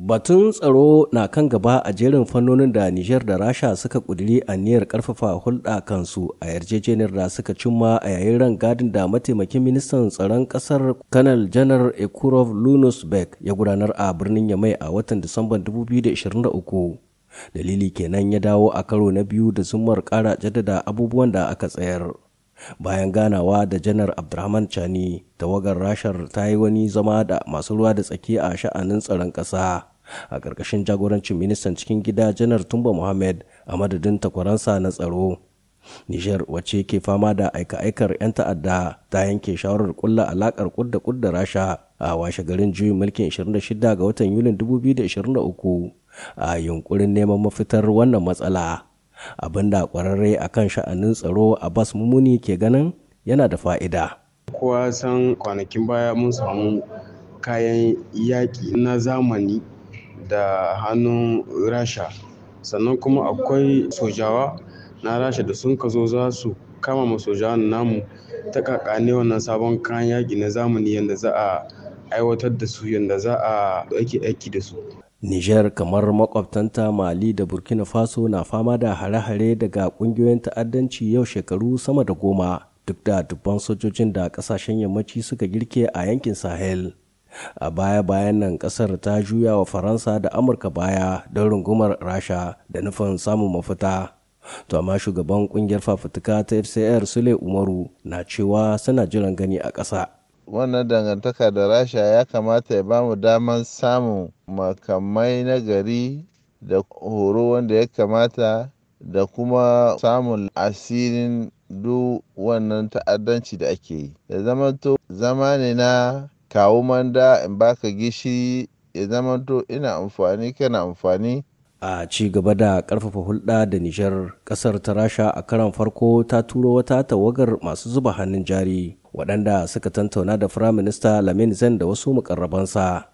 Batun tsaro na kan gaba a jerin fannonin da Nijar da Rasha suka ƙudiri niyyar ƙarfafa hulɗa kansu a yarjejeniyar da suka cimma a yayin ran gadin da mataimakin ministan tsaron ƙasar Kanal Janar Ekurov Lunusbek ya gudanar a birnin Yamai a watan Disamban 2023. Dalili kenan ya dawo a karo na biyu da zumar ƙara jaddada abubuwan da aka tsayar. bayan ganawa da janar abdurrahman chani tawagar rashar ta yi wani zama da masu ruwa da tsaki a sha'anin tsaron ƙasa a ƙarƙashin jagorancin ministan cikin gida janar tumba mohammed a madadin takwaransa na tsaro nijar wacce ke fama da aika-aikar 'yan ta'adda ta yanke shawarar kulla alakar kudda kudda rasha a washe garin juyin mulkin 26 ga watan yulin 2023 a yunkurin neman mafitar wannan matsala abinda kwararre kan sha'anin tsaro a bas mumuni ke ganin yana da fa'ida kowa san kwanakin baya mun samu kayan yaƙi na zamani da hannun rasha sannan kuma akwai sojawa na rasha da sun kazo za su kama ma namu ta kakane wannan sabon kayan yaƙi na zamani yadda za a aiwatar da su yadda za a aiki aiki da su Nijar kamar makwabtanta Mali da Burkina Faso na fama da hare-hare daga kungiyoyin ta'addanci yau shekaru sama da goma duk da dubban sojojin da kasashen yammaci suka girke a yankin Sahel. a baya-bayan nan kasar ta juya wa faransa da amurka baya don rungumar rasha da nufin samun mafita to amma shugaban kungiyar fafutuka ta fcr sule umaru na cewa suna jiran gani a ƙasa wannan dangantaka da rasha ya kamata ya bamu damar samun makamai na gari da horo wanda ya kamata da kuma samun asirin duk wannan ta'addanci da ake yi da zama ne na kawo manda in baka gishiri ya zama to ina amfani kana amfani a ci gaba da karfafa hulɗa da nijar ƙasar ta rasha a karan farko ta turo wata tawagar masu zuba hannun jari waɗanda suka tantauna da minista lamin zen da wasu mukarrabansa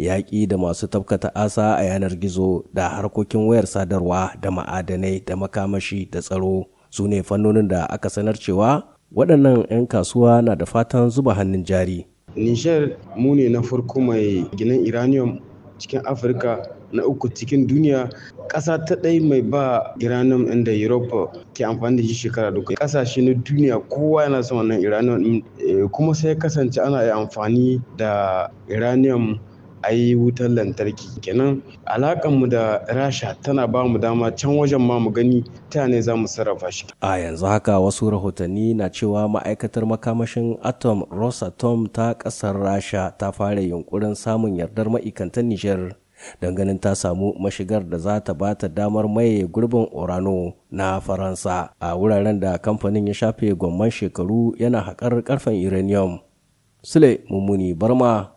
yaƙi da masu tafkata asa a yanar gizo da harkokin wayar sadarwa da ma'adanai da makamashi da tsaro su ne fannonin da aka sanar cewa waɗannan 'yan kasuwa na da fatan zuba hannun jari Nijar mu ne na farko mai ginin uranium cikin Afirka na uku cikin duniya ƙasa ta ɗai mai ba uranium inda Europe ke amfani da shi shekara duka ƙasashe na duniya kowa yana son wannan uranium eh, kuma sai kasance ana amfani da iranium ai wutar lantarki kenan alakan mu da rasha tana ba mu dama can wajen ma mu gani ta ne za mu sarrafa shi a yanzu haka wasu rahotanni na cewa ma'aikatar makamashin atom rosatom ta kasar rasha ta fara yunkurin samun yardar ma'ikantan nijar ganin ta samu mashigar da za ta bata damar maye gurbin orano na faransa a wuraren da kamfanin ya shafe gomman shekaru yana haƙar karfen uranium sule mummuni barma